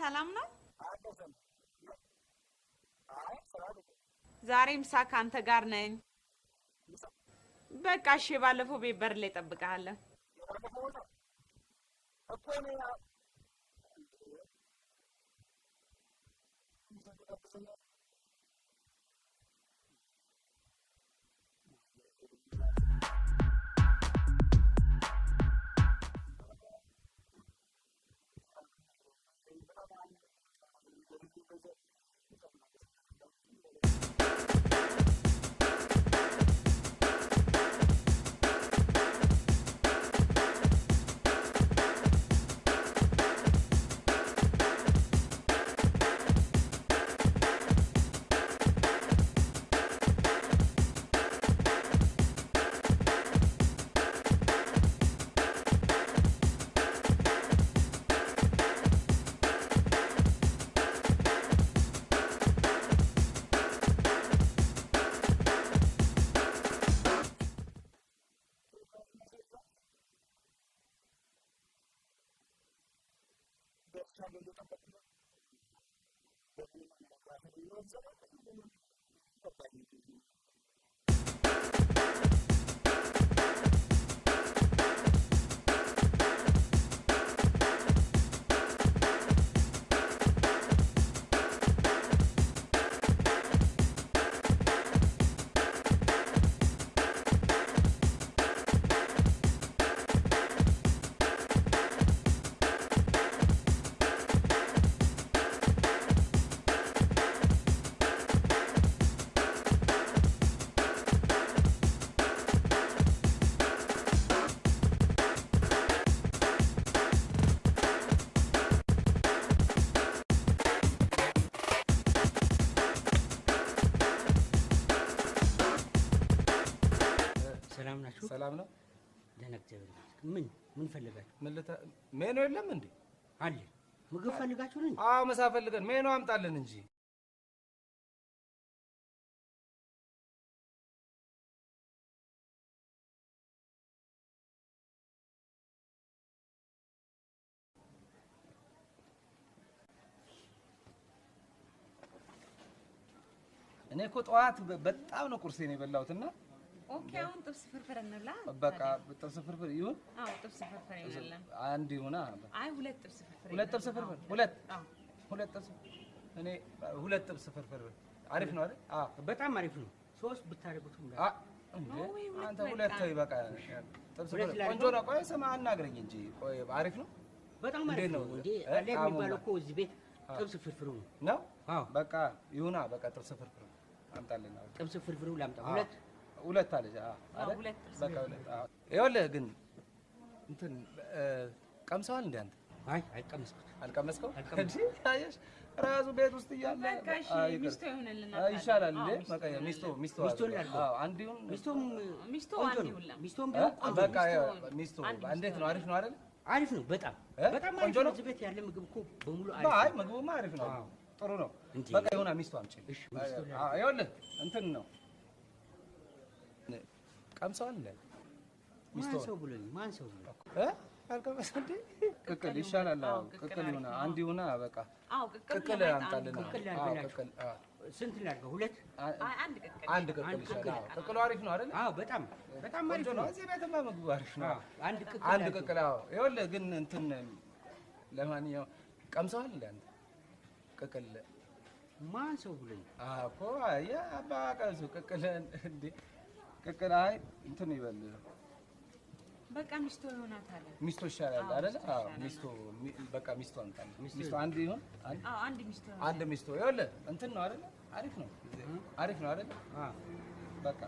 ሰላም ነው? ዛሬ ምሳ ከአንተ ጋር ነኝ። በቃ እሺ። ባለፈው ቤት በር ላይ እጠብቅሃለሁ። của Vicky Project. Hy vọng là cambio de temperatura. Podemos ir a la clase de velocidad, pero no podemos ir a la clase de velocidad. ሰላም ነው። ደህና እግዚአብሔር ምን ምን ፈልጋችሁ? ሜኖ የለም እንዴ? አለ። ምግብ ፈልጋችሁ ነው? አዎ፣ ምሳ ፈልገን ሜኖ አምጣልን እንጂ እኔ እኮ ጠዋት በጣም ነው ቁርሴን የበላሁትና ኦኬ፣ አሁን ጥብስ ፍርፍር እንብላ። በቃ ጥብስ ፍርፍር ይሁን። አዎ፣ ጥብስ ፍርፍር ይሁን። አንድ ይሁን። አይ፣ ሁለት ጥብስ ፍርፍር፣ ሁለት ጥብስ ፍርፍር፣ ሁለት ሁለት ጥብስ እኔ ሁለት ጥብስ ፍርፍር አሪፍ ነው አይደል? አዎ፣ በጣም አሪፍ ነው። ሶስት ብታደርጉት ሁሉ አንተ ሁለት ነው ይበቃ። ጥብስ ፍርፍር ቆንጆ ነው። ቆይ ስማ፣ አናግረኝ እንጂ ቆይ፣ አሪፍ ነው። በጣም አሪፍ ነው። እንዴ አለ የሚባለው እኮ እዚህ ቤት ጥብስ ፍርፍሩ ነው። አዎ፣ በቃ ይሁና። በቃ ጥብስ ፍርፍር አምጣልኝ። ጥብስ ፍርፍሩ ላምጣ ሁለት ሁለት አለች። ይኸውልህ ግን እንትን ቀምሰዋል እንደ አንተ። አይ አይቀመስኩም። አልቀመስከው? አየሽ ራሱ ቤት ውስጥ እያለ ሚስቶ ይሻላል እንዴ? ሚስቶ ሚስቶ ሚስቶ እንዴት ነው? አሪፍ ነው አይደል? አሪፍ ነው። በጣም በጣም አሪፍ ነው። ቤት ያለ ምግብ እኮ በሙሉ አይ ምግቡማ አሪፍ ነው። ጥሩ ነው። በቃ ይሆናል። ሚስቶ አምጪልኝ። ይኸውልህ እንትን ነው ቀምሰዋል ብለን ማን ሰው ብሎኝ ቅቅል ይሻላል። ቅቅል ሆነ አንድ ይሁና። በቃ ቅቅል አምጣልና፣ ስንት ላድርገው? ሁለት አንድ ቅቅል ይሻላል። ቅቅሉ አሪፍ ነው አይደል? አዎ በጣም በጣም አሪፍ ነው። እዚህ ቤትማ ምግቡ አሪፍ ነው። አንድ ቅቅል አንድ ቅቅል አዎ። ይኸውልህ ግን እንትን ለማንኛውም ቀምሰዋል እንደ አንተ ቅቅል ማን ሰው ብሎኝ እኮ አያ አባ ቅቅል እንዴ ቅቅል አይ እንትን ይበል በቃ ሚስቶ ይሆናታል። ሚስቶ ይሻላል አይደል? አዎ ሚስቶ በቃ ሚስቶ አንታል ሚስቶ አንድ ይሁን። አዎ አንድ ሚስቶ አንድ ሚስቶ ይኸውልህ እንትን ነው አይደል? አሪፍ ነው አሪፍ ነው አይደል? አዎ በቃ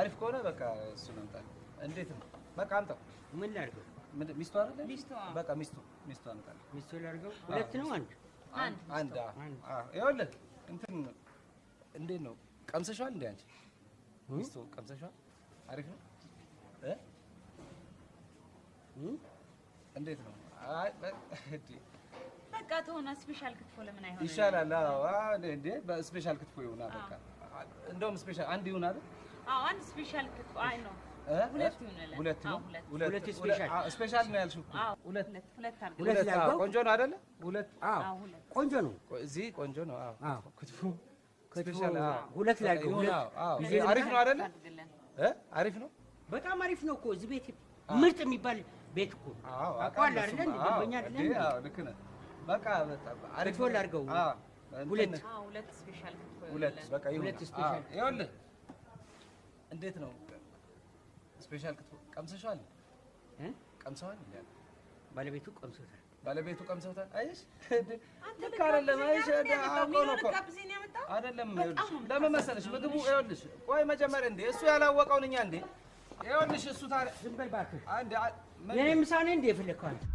አሪፍ ከሆነ በቃ እሱ ነው አንታል። እንዴት ነው? በቃ አንተ ምን ላድርገው? ሚስቶ አይደል? ሚስቶ በቃ ሚስቶ ሚስቶ አንታል። ሚስቶ ላድርገው? ሁለት ነው አንድ አንድ አንድ። አዎ ይኸውልህ እንትን እንዴት ነው ቀምሰሻል እንዴ አንቺ? ሚስቱ ቀምሰሻል? አሪፍ ነው። እንዴት ነው? በቃ ተሆነ ስፔሻል ክትፎ ለምን አይሆንም? ይሻላል። እንዴ በስፔሻል ክትፎ ይሆናል። በቃ እንደውም ስፔሻል አንድ ይሁን አይደል? አዎ አንድ ስፔሻል ክትፎ። አይ ነው ሁለት ነው። ስፔሻል ነው ያልሽው ቆንጆ ነው አይደለ? ሁለት። ቆንጆ ነው። እዚህ ቆንጆ ነው። አዎ ክትፎ ስፔሻል ሁለት ላይ ሁለት አሪፍ ነው አይደለ? አሪፍ ነው፣ በጣም አሪፍ ነው እኮ እዚህ ቤት ምርጥ የሚባል ቤት እኮ እንዴት ነው ስፔሻል ክትፎ ቀምሰሻል? ቀምሰዋል? ባለቤቱ ቀምሶታል። ባለቤቱ ቀምሰውታል። አይሽ ልክ አይደለም። አይሽ አውቆ ነው እኮ አይደለም። ይኸውልሽ ለምን መሰለሽ ምግቡ ይኸውልሽ፣ ቆይ መጀመሪያ እንዴ እሱ ያላወቀውን እኛ እንደ ይኸውልሽ እሱ ታዲያ ዝም በል እባክህ። የእኔ ምሳ ነው የፈለግከው አንተ